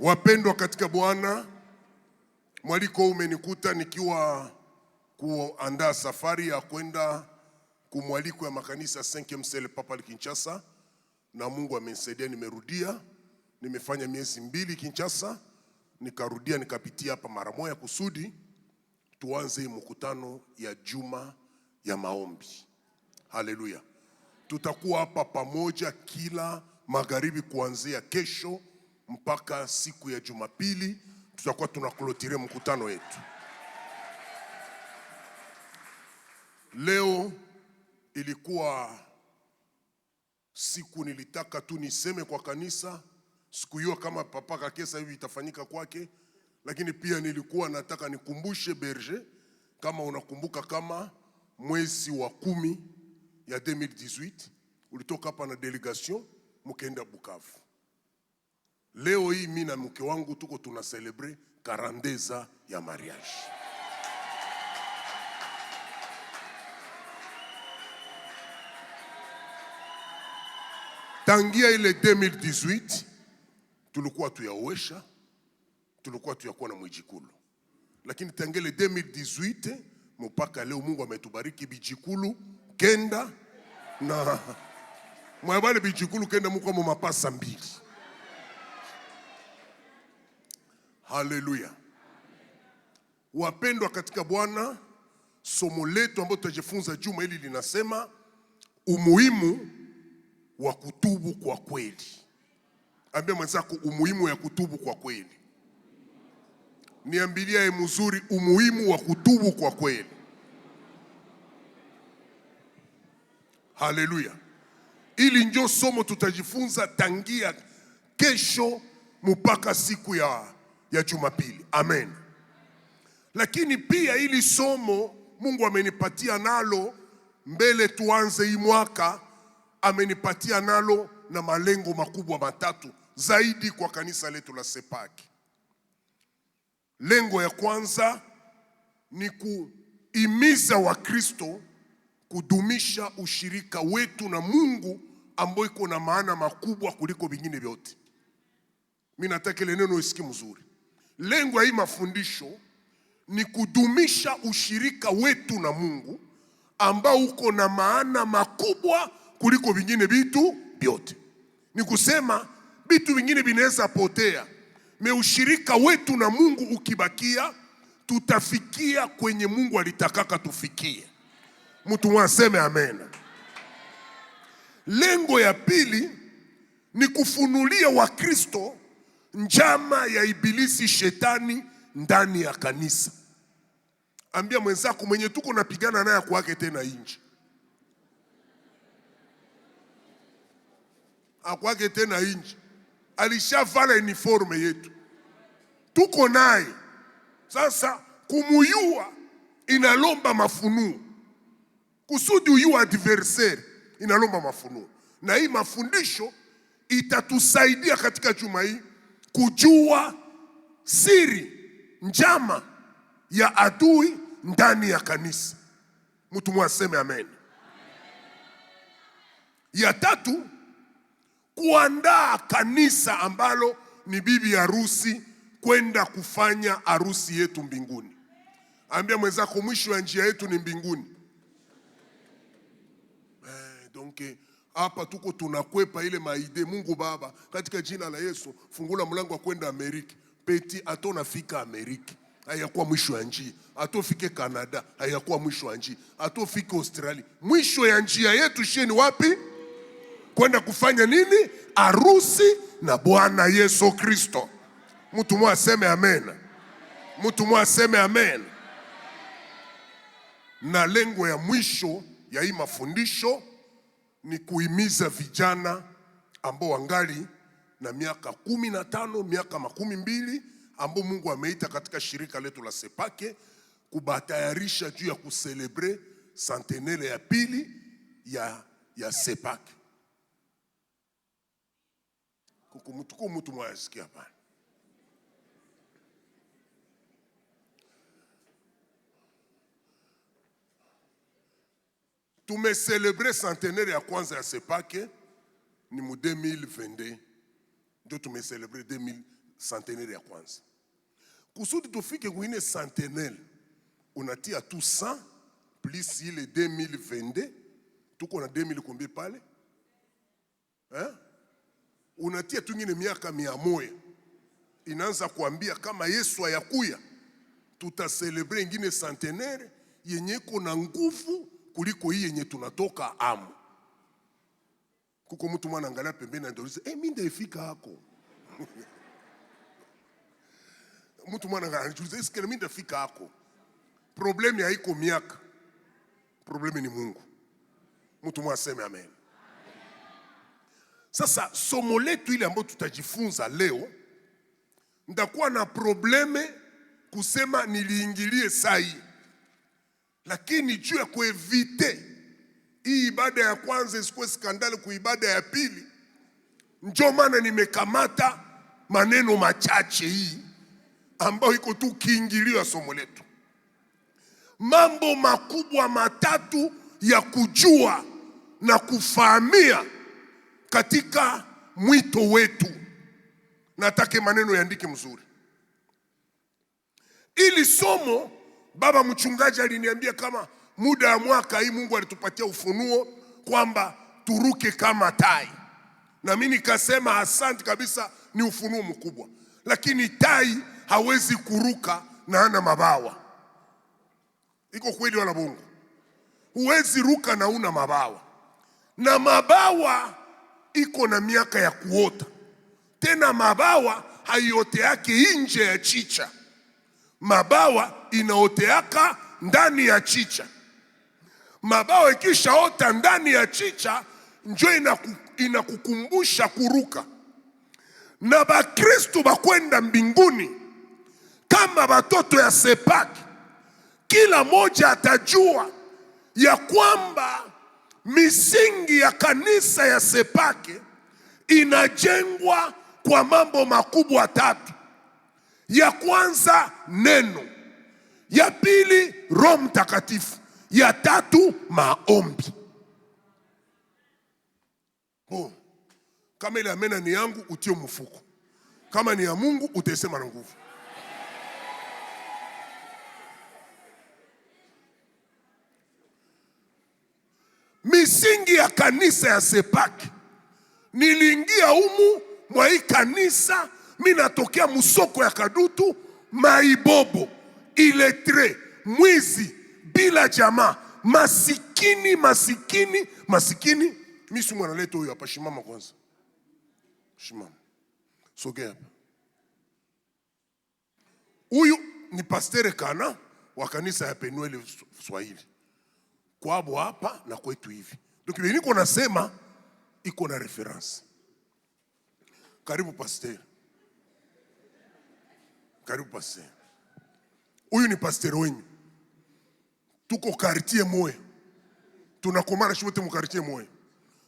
Wapendwa katika Bwana, mwaliko umenikuta nikiwa kuandaa safari ya kwenda kumwaliko ya makanisa Cinque Msele Papal Kinshasa, na Mungu amenisaidia, nimerudia. Nimefanya miezi mbili Kinshasa, nikarudia nikapitia hapa mara moja kusudi tuanze mkutano ya juma ya maombi. Haleluya! Tutakuwa hapa pamoja kila magharibi kuanzia kesho mpaka siku ya Jumapili tutakuwa tunaklotire mkutano wetu. Leo ilikuwa siku nilitaka tu niseme kwa kanisa, sikujua kama Papa Kakesa hivi itafanyika kwake, lakini pia nilikuwa nataka nikumbushe Berger, kama unakumbuka, kama mwezi wa kumi ya 2018 ulitoka hapa na delegation mkaenda Bukavu Leo hii mimi na mke wangu tuko tuna celebrate karandeza ya mariage. Tangia ile 2018 tulikuwa tuyaowesha, tulikuwa tuyakuwa na Mwijikulu, lakini tangia ile 2018 mpaka leo Mungu ametubariki Bijikulu kenda na mwabale Bijikulu kenda muko mapasa mbili Haleluya, wapendwa katika Bwana, somo letu ambalo tutajifunza juma hili linasema umuhimu wa kutubu kwa kweli. Ambia mwenzako umuhimu ya kutubu kwa kweli. niambilia ye mzuri, umuhimu wa kutubu kwa kweli. Haleluya, ili njo somo tutajifunza tangia kesho mpaka siku ya ya Jumapili. Amen. Lakini pia ili somo Mungu amenipatia nalo mbele, tuanze hii mwaka, amenipatia nalo na malengo makubwa matatu zaidi kwa kanisa letu la Sepaki. Lengo ya kwanza ni kuhimiza Wakristo kudumisha ushirika wetu na Mungu ambao iko na maana makubwa kuliko vingine vyote. Mimi nataka ile neno isikie mzuri. Lengo ya hii mafundisho ni kudumisha ushirika wetu na Mungu ambao uko na maana makubwa kuliko vingine vitu vyote. Ni kusema vitu vingine vinaweza potea, me ushirika wetu na Mungu ukibakia, tutafikia kwenye Mungu alitakaka tufikie. Mtu mwaseme amen Lengo ya pili ni kufunulia Wakristo njama ya ibilisi shetani ndani ya kanisa. Ambia mwenzako mwenye tuko napigana naye kwake tena inji akwake tena inji, alishavala uniforme yetu, tuko naye sasa. Kumuyua inalomba mafunuo kusudi uyua adversaire inalomba mafunuo, na hii mafundisho itatusaidia katika juma hii kujua siri njama ya adui ndani ya kanisa. Mtu mwaseme amen. Ya tatu, kuandaa kanisa ambalo ni bibi harusi kwenda kufanya harusi yetu mbinguni. Ambia mwenzako mwisho ya njia yetu ni mbinguni. Eh, donc hapa tuko tunakwepa ile maide. Mungu Baba, katika jina la Yesu fungula mlango wa kwenda Amerika peti, hata unafika Amerika hayakuwa mwisho ya njia, atofike Kanada hayakuwa mwisho ya njia, atofike Australia. Mwisho ya njia yetu sheni wapi? Kwenda kufanya nini? Harusi na Bwana Yesu Kristo. Mtu mwa aseme amen, mtu mwa aseme amen. Na lengo ya mwisho ya hii mafundisho ni kuhimiza vijana ambao wangali na miaka kumi na tano miaka makumi mbili ambao Mungu ameita katika shirika letu la Sepake kubatayarisha juu ya kuselebre santenele ya pili ya, ya Sepake kukumtuku mtu mwayasikia pana tumecelebre centenaire ya kwanza ya Sepake ni mu 2022 ndio tumecelebre 2000 centenaire ya kwanza. Kusudi tufike kuine centenaire, unatia tu 100 plus ile 2022, tuko na 2000 kumbi pale eh? Unatia tu ngine miaka mia moja inaanza kuambia kama Yesu ayakuya, tutaselebre ngine centenaire yenye iko na nguvu kuliko hii yenye tunatoka amu. Kuko mtu mwana angalia pembeni ndoriza, eh, mimi ndaifika hako mtu mwana eh, sikele, mimi ndaifika hako. Problemi haiko miaka, problemi ni Mungu. Mtu mwana aseme amen. Sasa somo letu ile ambayo tutajifunza leo, ndakuwa na probleme kusema niliingilie hii lakini juu ya kuevite hii ibada ya kwanza isikuwe skandali kwa ibada ya pili. njo maana nimekamata maneno machache hii ambayo iko tu kiingilio ya somo letu, mambo makubwa matatu ya kujua na kufahamia katika mwito wetu. Natake maneno yaandike mzuri ili somo Baba mchungaji aliniambia kama muda wa mwaka hii Mungu alitupatia ufunuo kwamba turuke kama tai, na mimi nikasema asante kabisa, ni ufunuo mkubwa. Lakini tai hawezi kuruka na ana mabawa. Iko kweli, wala Mungu? Huwezi ruka na una mabawa, na mabawa iko na miaka ya kuota tena. Mabawa haiote yake nje ya chicha, mabawa inaoteaka ndani ya chicha. mabao ikishaota ndani ya chicha njo inaku, inakukumbusha kuruka. Na Bakristu bakwenda mbinguni kama batoto ya Sepaki, kila moja atajua ya kwamba misingi ya kanisa ya Sepake inajengwa kwa mambo makubwa tatu. Ya kwanza neno ya pili Roho Mtakatifu, ya tatu maombi. Boom. Kama ile amena ni yangu utie mfuko, kama ni ya Mungu utaisema na nguvu. Misingi ya kanisa ya Sepak, niliingia humu mwa hii kanisa, mi natokea musoko ya Kadutu Maibobo iletre, mwizi, bila jamaa, masikini, masikini, masikini. Misu mwanaleta huyo hapa, shimama kwanza, shimama, sogea hapa. Huyu ni Pastere Kana wa kanisa ya Penueli Swahili, kwabo hapa na kwetu hivi. Niko nasema iko na reference. Karibu Pastere, karibu Pastere. Huyu ni pastor wenyu, tuko kartie moya, tunakomana shote mkartie moya.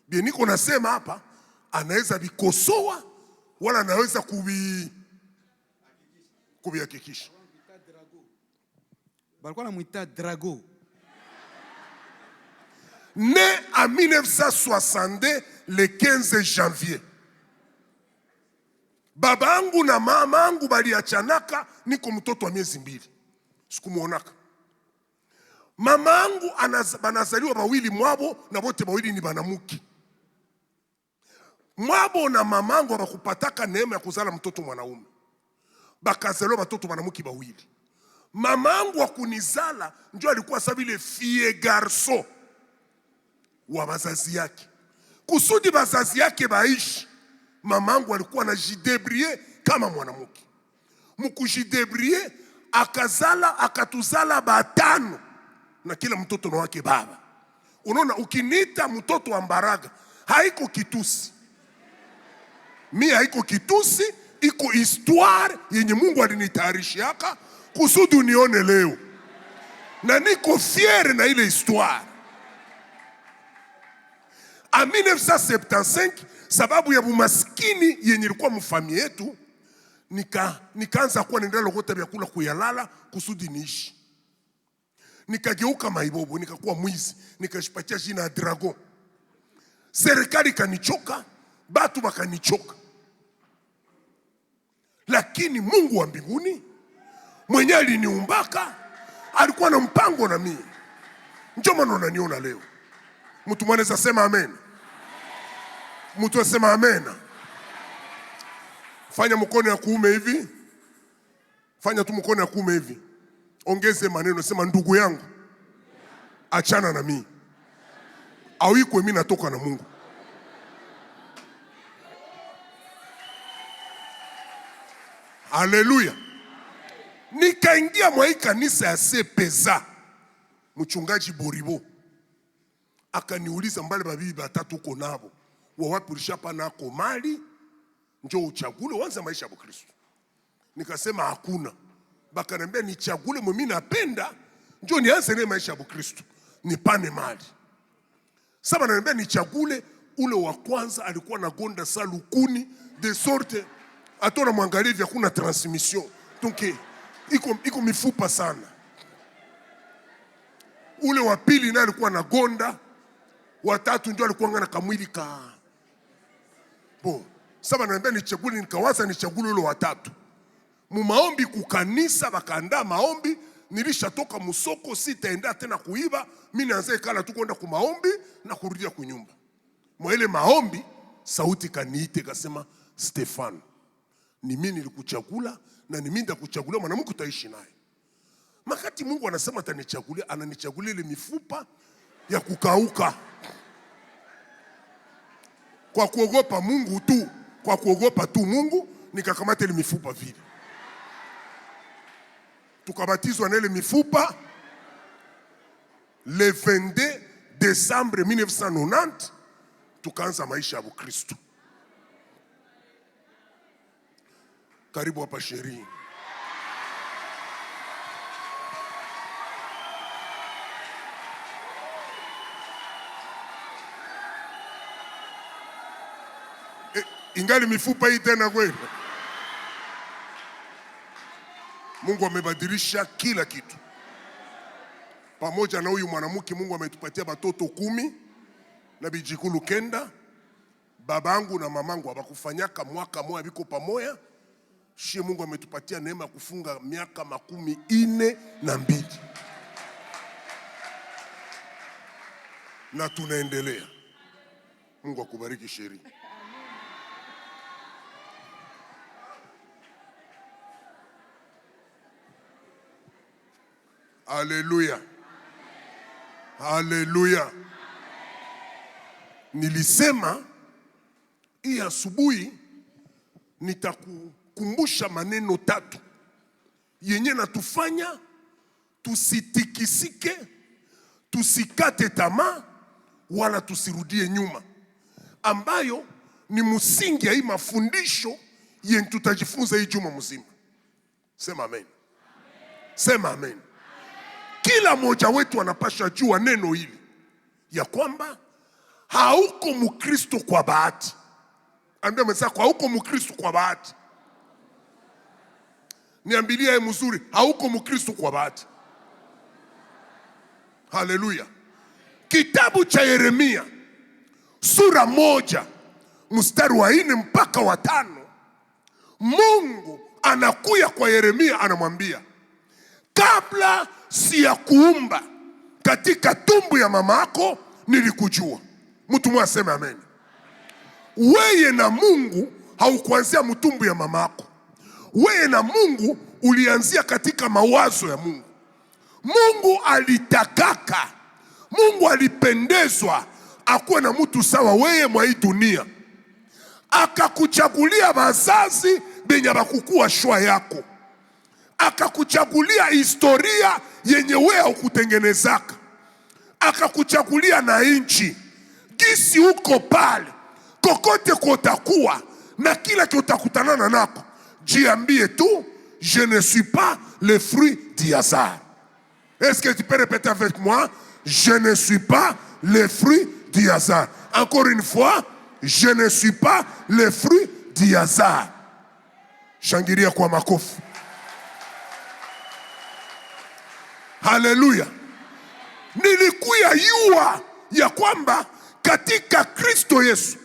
Bien, niko nasema hapa, anaweza vikosoa wala anaweza kuvi kuvihakikisha. Balikuwa namwita Drago ne a 1962 le 15 janvier Baba angu na mama angu baliachanaka, niko mtoto wa miezi mbili sikumwonaka. angu banazaliwa bawili mwabo na bote bawili ni banamuki Mwabo na angu abakupataka neema ya kuzala mtoto mwanaume, bakazaliwa batoto banamuke bawili. angu akunizala njo alikuwa sa vile fie garso wa bazazi yake, kusudi bazazi yake baishi. mama angu alikuwa na jidebrie kama mwanamuki mukujidebrie akazala akatuzala batano na kila mtoto na wake baba. Unaona, ukiniita mtoto wa Mbaraga haiko kitusi, mi haiko kitusi, iko histoire yenye Mungu alinitayarishiaka kusudi unione leo, na niko fiere na ile histoire a 1975 sababu ya bumaskini yenye ilikuwa mfami yetu nika nikaanza kuwa naendelea logota vyakula kuyalala kusudi niishi. Nikageuka maibobo, nikakuwa mwizi, nikashipatia jina ya drago. Serikali kanichoka batu bakanichoka, lakini Mungu wa mbinguni mwenye aliniumbaka alikuwa na mpango na mimi, ndio maana unaniona leo. Mtu mwanaweza sema amen, mtu asema amen. Fanya mkono ya kuume hivi, fanya tu mkono ya kuume hivi, ongeze maneno, sema ndugu yangu, achana na mimi awikwe, mimi natoka na Mungu. Haleluya! Nikaingia mwa hii kanisa ya Sepeza, mchungaji Boribo akaniuliza mbale babibi batatu uko nabo wawapi ulishapa nako mali ndio uchagule uanze maisha ya Kristo. Nikasema hakuna. bakaniambia nichagule mimi napenda, ndio nianze ile maisha ya Kristo. Nipane mali. Sasa ananiambia nichagule ule wa kwanza alikuwa na gonda salukuni de sorte hata mwangalie vya kuna transmission. Tunke iko iko mifupa sana. Ule wa pili naye alikuwa na gonda, wa tatu ndio alikuwa ngana kamwili ka. Bo saba naambia nichagulie, nikawaza nichagulie ule watatu mumaombi kukanisa, bakaandaa maombi. Nilishatoka musoko, sitaenda tena kuiba, mimi naanza ikala tu kwenda kumaombi na kurudia kunyumba. Mwa ile maombi sauti kaniite kasema, stefan ni mimi nilikuchagula na ni mimi ndakuchagulia mwanamke utaishi naye. Makati Mungu anasema atanichagulia, ananichagulia ile mifupa ya kukauka kwa kuogopa Mungu tu kwa kuogopa tu Mungu, nikakamata ile mifupa vile, tukabatizwa na ile mifupa le 22 Desembre 1990 tukaanza maisha ya Bukristo. Karibu hapa sherii ingali mifupa hii tena kweli? Mungu amebadilisha kila kitu. Pamoja na huyu mwanamke, Mungu ametupatia batoto kumi na bijikulu kenda. Babangu na mamangu abakufanyaka mwaka moya biko pamoya, shie Mungu ametupatia neema ya kufunga miaka makumi ine na mbili na tunaendelea. Mungu akubariki sheria Alléluia. Alléluia. Nilisema hii asubuhi nitakukumbusha maneno tatu yenye natufanya tusitikisike, tusikate tamaa, wala tusirudie nyuma, ambayo ni msingi ya hii mafundisho yenye tutajifunza hii juma mzima. Sema amen, amen. Sema amen. Kila mmoja wetu anapasha jua neno hili ya kwamba hauko Mkristo kwa bahati. Ambia mwenzako hauko Mkristo kwa bahati. Niambilia ye mzuri, hauko Mkristo kwa bahati. Haleluya! Kitabu cha Yeremia sura moja mstari wa nne mpaka wa tano Mungu anakuya kwa Yeremia anamwambia kabla si ya kuumba, katika tumbu ya mama yako nilikujua. Mtu mwa aseme amen. Weye na Mungu haukuanzia mtumbu ya mama yako, weye na Mungu ulianzia katika mawazo ya Mungu. Mungu alitakaka, Mungu alipendezwa akuwe na mtu sawa weye mwa hii dunia, akakuchagulia wazazi benye bakukua shwa yako, akakuchagulia historia yenye wewe haukutengenezaka, akakuchagulia na nchi kisi huko pale, kokote kotakuwa na kila kiotakutanana nako, jiambie tu je ne suis pas le fruit du hasard. Est-ce que tu peux répéter avec moi? Je ne suis pas le fruit du hasard. Encore une fois, je ne suis pas le fruit du hasard. Shangiria kwa makofi. Haleluya! Nilikuyajua ya kwamba katika Kristo Yesu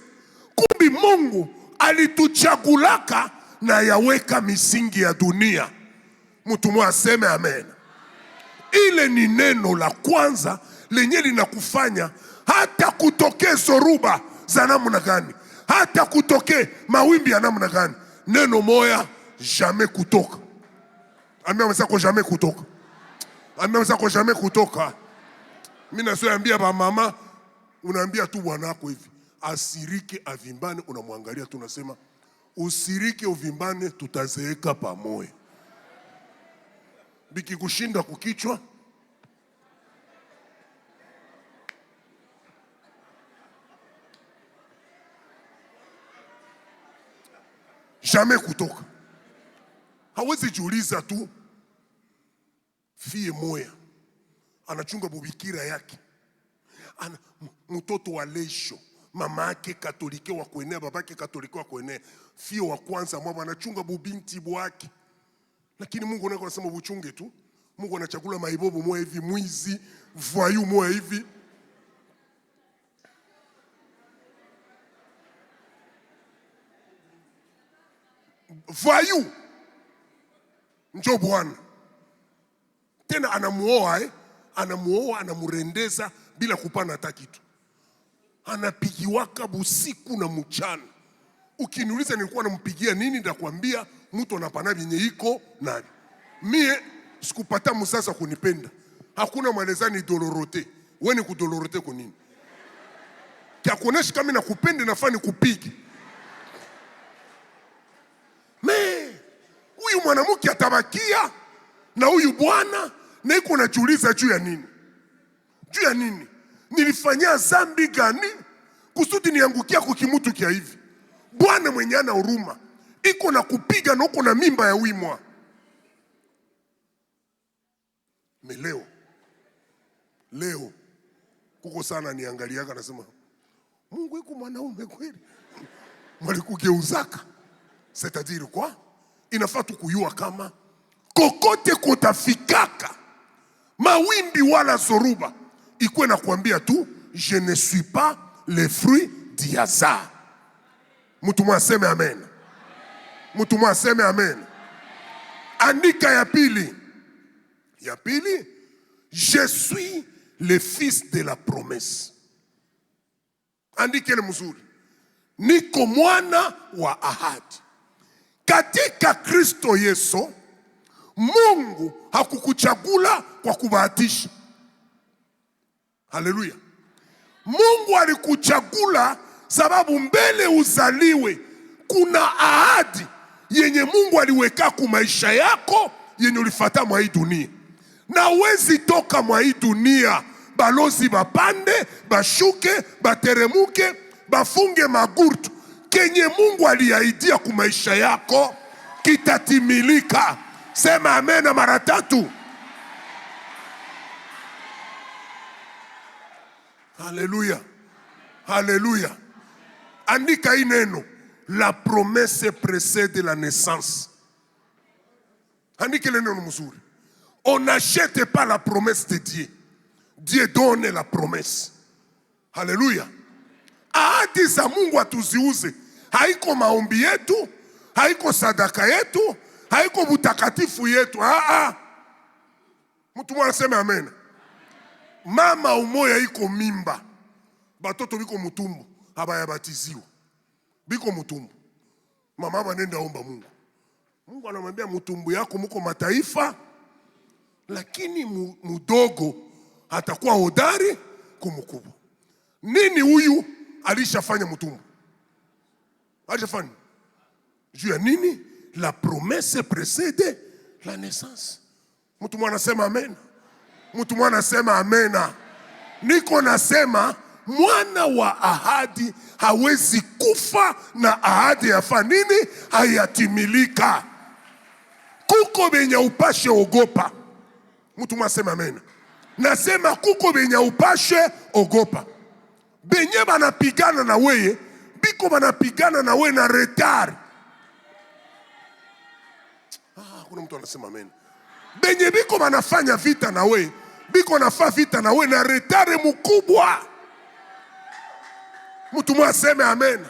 kumbi Mungu alituchagulaka na yaweka misingi ya dunia. Mtu mwa aseme amen. Ile ni neno la kwanza lenye linakufanya hata kutokee zoruba za namna gani, hata kutokee mawimbi ya namna gani, neno moya jamais kutoka. Ambia mwenzako jamais kutoka anaweza kwa jamais kutoka. Mimi nasoambia ba mama, unaambia tu bwana wako hivi asirike avimbane, unamwangalia tu unasema usirike uvimbane, tutazeeka pamoja. Bikikushinda kukichwa jamais kutoka, hawezi jiuliza tu fie moya anachunga bubikira yake ana mtoto wa lesho mama yake katolike wa kuenea babake katolike wa kuenea fie wa kwanza mwa anachunga bubinti bwake, lakini Mungu anako anasema buchunge tu. Mungu anachakula maibobo moya hivi mwizi vwayu moya hivi vwayu njo Bwana tena anamuoa eh? Anamuoa, anamurendeza bila kupana hata kitu, anapigiwaka busiku na mchana. Ukiniuliza nilikuwa nampigia nini, ndakwambia mtu anapana vyenye iko nani. Mie sikupata msasa kunipenda, hakuna mwalezani dolorote weni kudolorote kunini kyakuonesha kama nakupenda, nafaa nikupige me. Huyu mwanamke atabakia na huyu bwana naiko najiuliza juu ya nini? Juu ya nini? Nilifanyia zambi gani kusudi niangukia kwa kimutu kia hivi? Bwana mwenye ana huruma iko na kupiga na uko na mimba ya wimwa meleo leo kuko sana niangaliaka, nasema Mungu iko mwanaume kweli, mwalikugeuzaka setadiri kwa inafaa tukuyua kama kokote kotafikaka, mawimbi wala zoruba, ikuwe na kuambia tu je ne suis pas le fruit du hasard. Mtu mwaseme amen, mtu mwaseme amen. Andika ya pili, ya pili, je suis le fils de la promesse. Andikele mzuri, niko mwana wa ahadi katika Kristo Yesu Mungu hakukuchagula kwa kubahatisha. Haleluya! Mungu alikuchagula sababu mbele uzaliwe kuna ahadi yenye Mungu aliweka ku maisha yako yenye ulifata mwa hii dunia, na uwezi toka mwa hii dunia. Balozi bapande bashuke bateremuke bafunge magurtu, kenye Mungu aliahidia ku maisha yako kitatimilika. C'est ma mara tatu. Haleluya, haleluya. Andika hii neno, la promesse précède la naissance. Andika ile neno on n'achète pas la promesse de Dieu, Dieu donne la promesse. Alléluia. Ahadi za Mungu hatuziuze, haiko maombi yetu, haiko sadaka yetu haiko butakatifu yetu. Aa, ah, ah. mtu mwana sema amen. Mama umoya iko mimba, batoto biko mutumbu, habayabatiziwa biko mutumbu, mama nenda omba Mungu. Mungu anamwambia mutumbu yako muko mataifa, lakini mudogo atakuwa hodari kumkubwa. Nini huyu alishafanya mutumbu, alishafanya juu ya nini? la promesse précède la naissance. Mtu mwana anasema amen, mtu mwana anasema amena. Niko nasema mwana wa ahadi hawezi kufa, na ahadi yafa nini hayatimilika. Kuko benye upashe ogopa, mtu mwana asema amena. Nasema kuko benye upashe ogopa, benye banapigana na weye biko banapigana na weye na retard hakuna mtu anasema amen. Benye biko banafanya vita na we biko nafaa vita na we na retare mkubwa, mtu mwa aseme amen.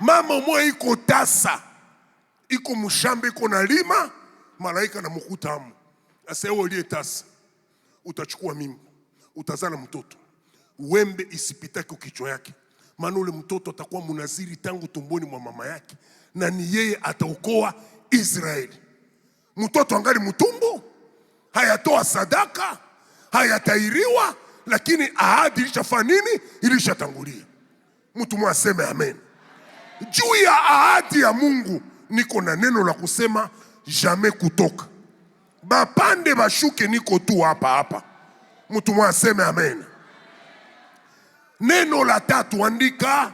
Mama mwa iko tasa iko mshamba iko na lima malaika na mukuta amu ase, ewe uliye tasa, utachukua mimba utazana mtoto, wembe isipitake kichwa yake, maana ule mtoto atakuwa munaziri tangu tumboni mwa mama yake, na ni yeye ataokoa Israeli. Mtoto angali mtumbu, hayatoa sadaka, hayatairiwa, lakini ahadi ilishafanya nini? Ilishatangulia. Mtu mmoja aseme amen. Juu ya ahadi ya Mungu niko na neno la kusema jamais kutoka bapande bashuke, niko tu hapa hapa. Mtu mmoja aseme amen. Neno la tatu, andika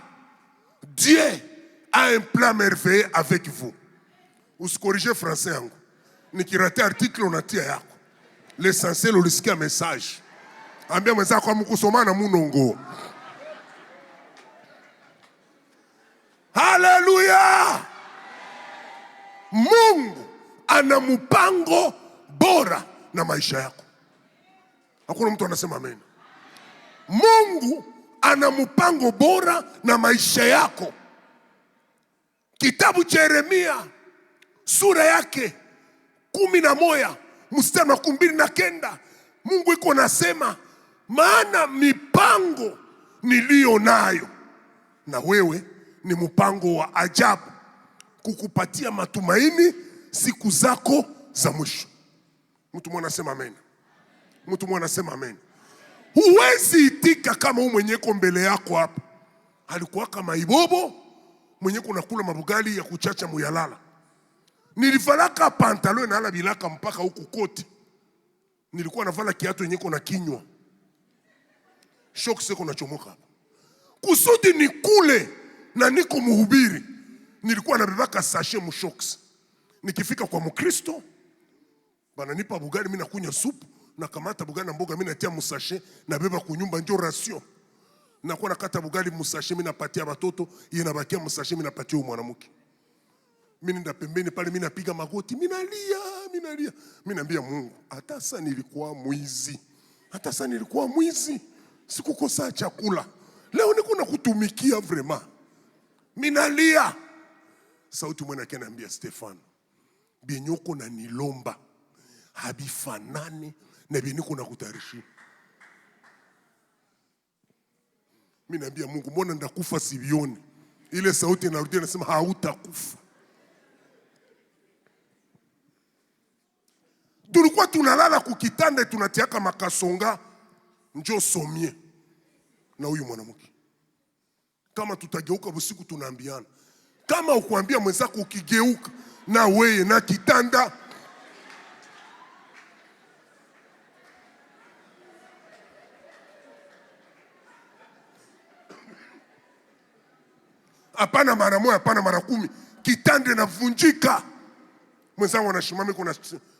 Dieu a un plan merveilleux avec vous usikorije fransa yangu, nikirate article unatia yako. L'essentiel ulisikia message. Ambia mwenzako amukusomana munongo. Haleluya! Mungu ana mpango bora na maisha yako. Hakuna mtu anasema amen. Mungu ana mpango bora na maisha yako. Kitabu cha Yeremia sura yake kumi na moya mstari wa kumi mbili na kenda Mungu iko nasema, maana mipango niliyo nayo na wewe ni mpango wa ajabu, kukupatia matumaini siku zako za mwisho. Mtu mwana sema amen. Mtu mwana sema amen. Huwezi itika kama huu mwenyeko mbele yako hapa alikuwaka maibobo mwenye kunakula mabugali ya kuchacha muyalala nilivalaka pantalo nala bilaka mpaka huku koti nilikuwa navala kiatu yenye na kinywa shock seko nachomoka hapa kusudi kule na niko mhubiri. Nilikuwa nabebaka sashe mushoks, nikifika kwa Mkristo bananipa bugari mimi nakunywa supu na kamata bugali na mboga, mimi natia musashe nabeba kunyumba, ndio rasio nakuwa nakata bugari musashe, mimi napatia batoto, yeye nabakia musashe, mimi napatia mwanamke mi nenda pembeni pale, mi napiga magoti, mimi nalia, mi nalia, mimi naambia Mungu, hata sasa nilikuwa mwizi, hata sasa nilikuwa mwizi, sikukosa chakula, leo niko na kutumikia vrema, mimi nalia. Sauti mwana yake ananiambia, Stefano, bienyoko na nilomba habifanani na bienyoko na kutarishi. mi naambia Mungu, mbona ndakufa sivioni? Ile sauti inarudia inasema, hautakufa tulikuwa tunalala kukitanda tunatiaka makasonga njo somie na huyu mwanamke. Kama tutageuka usiku tunaambiana kama ukwambia mwenzako ukigeuka na weye na kitanda hapana mara moja, hapana mara kumi, kitanda inavunjika mwenzangu anasimama kuna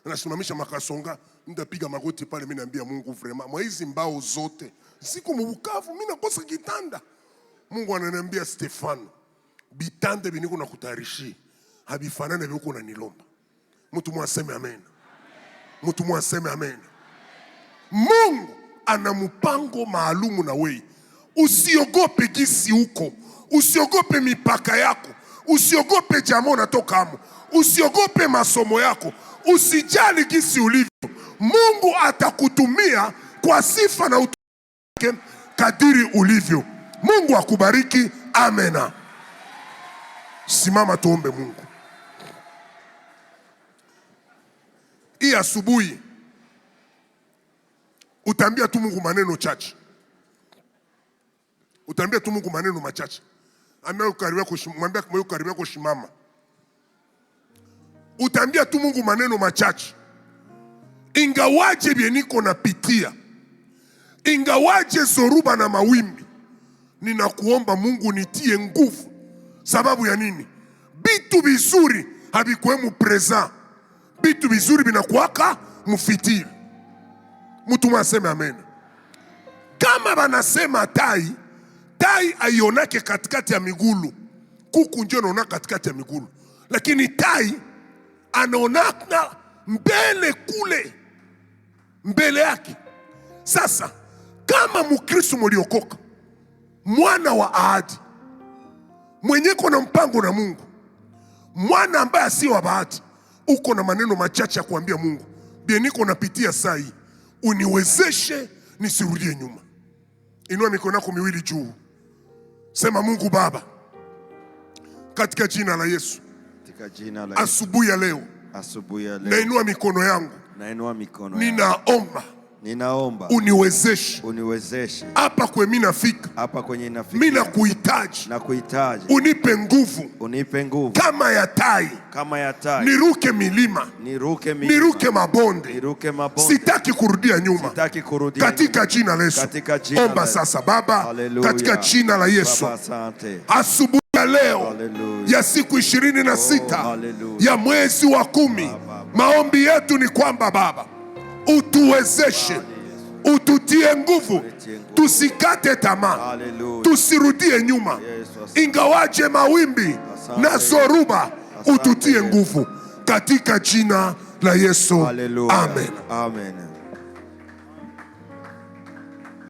anasimamisha makasonga, nitapiga magoti pale. Mimi naambia Mungu vrema, mwa hizi mbao zote siku mbukavu, mimi nakosa kitanda. Mungu ananiambia Stefano, bitande biniko na kutayarishi habifanane biko na nilomba. Mtu mwaseme amen, mtu mwaseme amen. Mungu ana mpango maalumu na wewe, usiogope gisi huko, usiogope mipaka yako Usiogope jamaa unatoka amo, usiogope masomo yako, usijali jinsi ulivyo. Mungu atakutumia kwa sifa na utukufu wake kadiri ulivyo. Mungu akubariki. Amena. Simama tuombe Mungu. Hii asubuhi utaambia tu Mungu maneno chache, utaambia tu Mungu maneno machache mwambia karibia kushimama, utaambia tu Mungu maneno machache, ingawaje vyeniko napitia, ingawaje zoruba na mawimbi, ninakuomba Mungu nitie nguvu. Sababu ya nini? Bitu vizuri havikuwemu preza, bitu vizuri vinakuwaka mfitiri. mutuma aseme amena. Kama banasema tai tai aionake katikati ya migulu, kuku njio anaona katikati ya migulu, lakini tai anaonaka mbele kule mbele yake. Sasa kama Mkristo mliokoka, mwana wa ahadi, mwenye na mpango na Mungu, mwana ambaye asi wa bahati, uko na maneno machache ya kuambia Mungu, bieniko napitia saa hii, uniwezeshe nisirudie nyuma. Inua mikono yako miwili juu, Sema Mungu Baba, katika jina la Yesu, asubuhi ya leo nainua mikono yangu, ninaomba ninaomba uniwezeshe, uniwezeshe hapa kwenye mimi nafika, hapa kwenye nafika mimi nakuhitaji, nakuhitaji, unipe nguvu, unipe nguvu kama ya tai, kama ya tai, niruke milima, niruke milima, niruke mabonde, niruke mabonde, sitaki kurudia nyuma, sitaki kurudia katika jina la Yesu, katika jina omba sasa Baba, Hallelujah. katika jina la Yesu, asante asubuhi ya leo Hallelujah. ya siku 26 oh, ya mwezi wa kumi Baba. maombi yetu ni kwamba Baba utuwezeshe, ututie nguvu, tusikate tamaa, tusirudie nyuma, ingawaje mawimbi na zoruba, ututie nguvu katika jina la Yesu. Amen, amen.